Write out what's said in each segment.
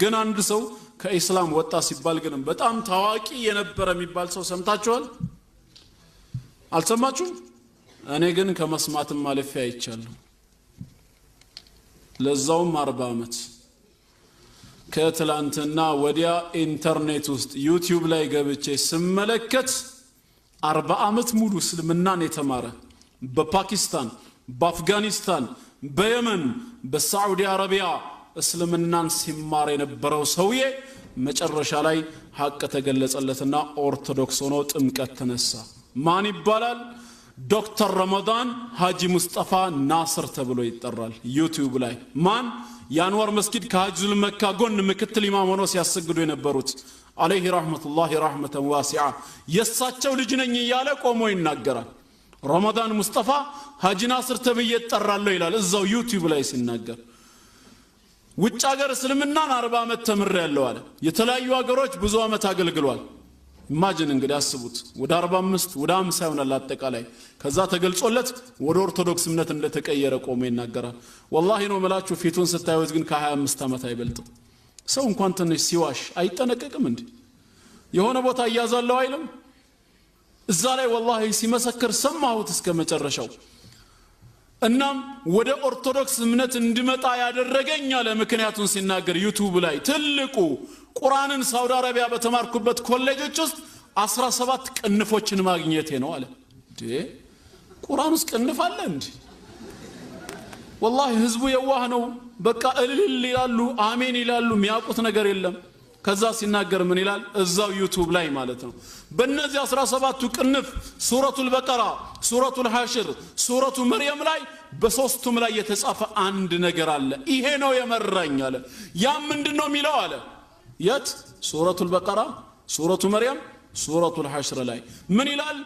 ግን አንድ ሰው ከኢስላም ወጣ ሲባል ግን በጣም ታዋቂ የነበረ የሚባል ሰው ሰምታችኋል? አልሰማችሁም? እኔ ግን ከመስማትም ማለፊ አይቻለሁ። ለዛውም አርባ ዓመት ከትላንትና ወዲያ ኢንተርኔት ውስጥ ዩቲዩብ ላይ ገብቼ ስመለከት አርባ ዓመት ሙሉ እስልምናን የተማረ በፓኪስታን፣ በአፍጋኒስታን፣ በየመን፣ በሳዑዲ አረቢያ እስልምናን ሲማር የነበረው ሰውዬ መጨረሻ ላይ ሀቅ ተገለጸለትና ኦርቶዶክስ ሆኖ ጥምቀት ተነሳ። ማን ይባላል? ዶክተር ረመዳን ሀጂ ሙስጠፋ ናስር ተብሎ ይጠራል። ዩቲዩብ ላይ ማን የአንዋር መስጊድ ከሀጅዙል መካ ጎን ምክትል ኢማም ሆኖ ሲያሰግዱ የነበሩት አለይህ ረሕመቱላህ ረሕመተን ዋሲዓ የእሳቸው ልጅ ነኝ እያለ ቆሞ ይናገራል። ረመዳን ሙስጠፋ ሀጂ ናስር ተብዬ እጠራለሁ ይላል እዛው ዩቲዩብ ላይ ሲናገር ውጭ ሀገር እስልምናን አርባ ዓመት ተምር ያለው አለ። የተለያዩ ሀገሮች ብዙ ዓመት አገልግሏል። ኢማጅን እንግዲህ አስቡት ወደ 45 ወደ 50 ይሆናል አጠቃላይ። ከዛ ተገልጾለት ወደ ኦርቶዶክስ እምነት እንደተቀየረ ቆሞ ይናገራል። ወላሂ ነው ምላችሁ፣ ፊቱን ስታዩት ግን ከ25 ዓመት አይበልጥም። ሰው እንኳን ትንሽ ሲዋሽ አይጠነቀቅም። እንዲህ የሆነ ቦታ እያዛለው አይልም። እዛ ላይ ወላሂ ሲመሰክር ሰማሁት እስከ መጨረሻው እናም ወደ ኦርቶዶክስ እምነት እንድመጣ ያደረገኝ አለ ምክንያቱን ሲናገር ዩቱብ ላይ ትልቁ ቁርአንን ሳውዲ አረቢያ በተማርኩበት ኮሌጆች ውስጥ አስራ ሰባት ቅንፎችን ማግኘቴ ነው አለ ቁርአን ውስጥ ቅንፍ አለ እንዲ ወላሂ ህዝቡ የዋህ ነው በቃ እልል ይላሉ አሜን ይላሉ የሚያውቁት ነገር የለም ከዛ ሲናገር ምን ይላል? እዛው ዩቱብ ላይ ማለት ነው። በእነዚህ 17ቱ ቅንፍ ሱረቱል በቀራ፣ ሱረቱል ሐሽር፣ ሱረቱ መርየም ላይ በሶስቱም ላይ የተጻፈ አንድ ነገር አለ። ይሄ ነው የመራኝ አለ። ያ ምንድን ነው የሚለው አለ። የት? ሱረቱል በቀራ፣ ሱረቱ መርየም፣ ሱረቱል ሐሽር ላይ ምን ይላል?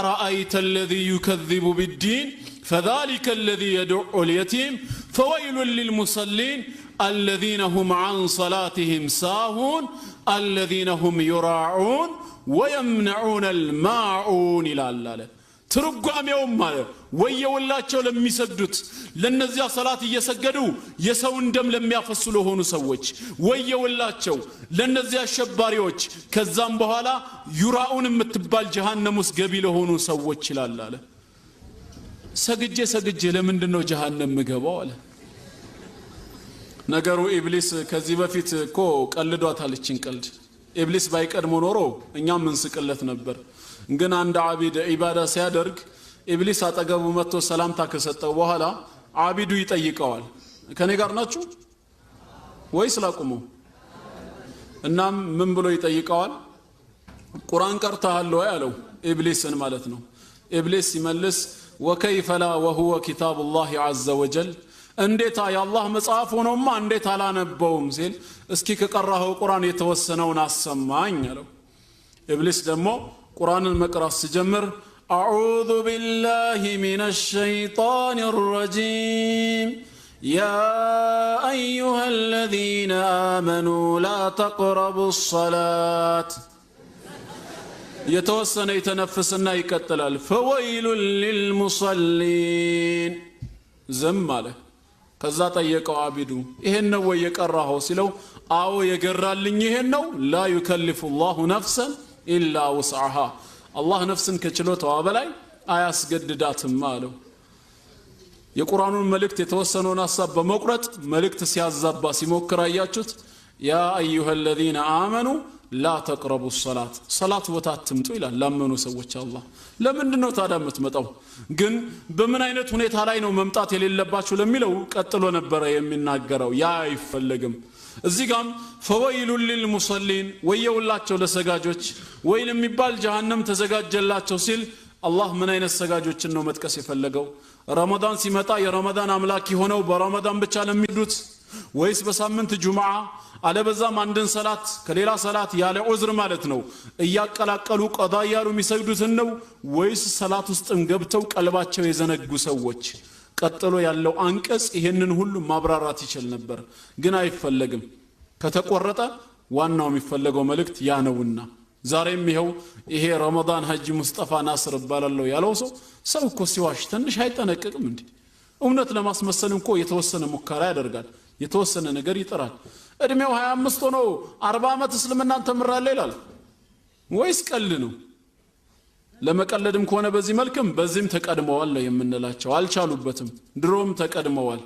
أرأيت الذي يكذب بالدين فذلك الذي يدع اليتيم فويل للمصلين አለዚነ ሁም عن صلاتهم ساهون الذين هم يراعون ويمنعون الماعون ይላል አለ ትርጓሜውም አለ ወየውላቸው ለሚሰግዱት ለነዚያ ሰላት እየሰገዱ የሰውን ደም ለሚያፈሱ ለሆኑ ሰዎች ወየውላቸው ለነዚያ አሸባሪዎች ከዛም በኋላ ዩራኡን የምትባል ጀሃነም ውስጥ ገቢ ለሆኑ ሰዎች ይላል አለ ሰግጄ ሰግጄ ለምንድን ነው ጀሃነም ምገባው አለ ነገሩ ኢብሊስ ከዚህ በፊት እኮ ቀልዷታል። እችን ቀልድ ኢብሊስ ባይቀድሞ ኖሮ እኛም ምንስቅለት ነበር። ግን አንድ አቢድ ኢባዳ ሲያደርግ ኢብሊስ አጠገቡ መጥቶ ሰላምታ ከሰጠው በኋላ አቢዱ ይጠይቀዋል፣ ከኔ ጋር ናችሁ ወይስ ላቁመው? እናም ምን ብሎ ይጠይቀዋል? ቁርአን ቀርተሃል ወይ አለው፣ ኢብሊስን ማለት ነው። ኢብሊስ ሲመልስ ወከይፈላ ወሁወ ኪታቡላሂ ዐዘ ወጀል እንዴታ የአላህ መጽሐፍ ሆኖማ እንዴት አላነበውም ሲል እስኪ ከቀራኸው ቁርአን የተወሰነውን አሰማኝ አለው ኢብሊስ ደግሞ ቁርአንን መቅራት ሲጀምር أعوذ بالله من الشيطان الرجيم يا أيها الذين آمنوا لا تقربوا الصلاة يتوسن النايك التلال فويل للمصلين زم عليه ከዛ ጠየቀው አቢዱ ይሄን ነው ወይ የቀራኸው ሲለው አዎ የገራልኝ ይሄን ነው ላ ዩከልፉ ላሁ ነፍሰን ኢላ ውስዓሃ አላህ ነፍስን ከችሎታዋ በላይ አያስገድዳትም አለው የቁርአኑን መልእክት የተወሰነውን ሀሳብ በመቁረጥ መልእክት ሲያዛባ ሲሞክር አያችሁት ያ አዩሃ አለዚነ አመኑ ላ ተቅረቡ ሰላት ሰላት ቦታ አትምጡ ይላል ላመኑ ሰዎች አላህ ለምንድን ነው ታዲያ የምትመጣው ግን በምን አይነት ሁኔታ ላይ ነው መምጣት የሌለባችሁ ለሚለው ቀጥሎ ነበረ የሚናገረው ያ አይፈለግም እዚህ ጋም ፈወይሉን ሊልሙሰሊን ወየውላቸው ለሰጋጆች ወይል የሚባል ጀሃነም ተዘጋጀላቸው ሲል አላህ ምን አይነት ሰጋጆችን ነው መጥቀስ የፈለገው ረመዳን ሲመጣ የረመዳን አምላክ የሆነው በረመዳን ብቻ ለሚሄዱት ወይስ በሳምንት ጁምዓ አለበዛም አንድን ሰላት ከሌላ ሰላት ያለ ዑዝር ማለት ነው እያቀላቀሉ ቀዳ እያሉ የሚሰግዱትን ነው ወይስ ሰላት ውስጥም ገብተው ቀልባቸው የዘነጉ ሰዎች ቀጥሎ ያለው አንቀጽ ይሄንን ሁሉ ማብራራት ይችል ነበር ግን አይፈለግም ከተቆረጠ ዋናው የሚፈለገው መልእክት ያ ነውና ዛሬም ይኸው ይሄ ረመዳን ሀጂ ሙስጠፋ ናስር እባላለሁ ያለው ሰው ሰው እኮ ሲዋሽ ትንሽ አይጠነቅቅም እንዴ? እውነት ለማስመሰል እንኮ የተወሰነ ሙከራ ያደርጋል፣ የተወሰነ ነገር ይጥራል። እድሜው 25 ሆኖ 40 ዓመት እስልምናን ተምራለ ይላል ወይስ ቀል ነው? ለመቀለድም ከሆነ በዚህ መልክም በዚህም ተቀድመዋል ነው የምንላቸው። አልቻሉበትም፣ ድሮም ተቀድመዋል።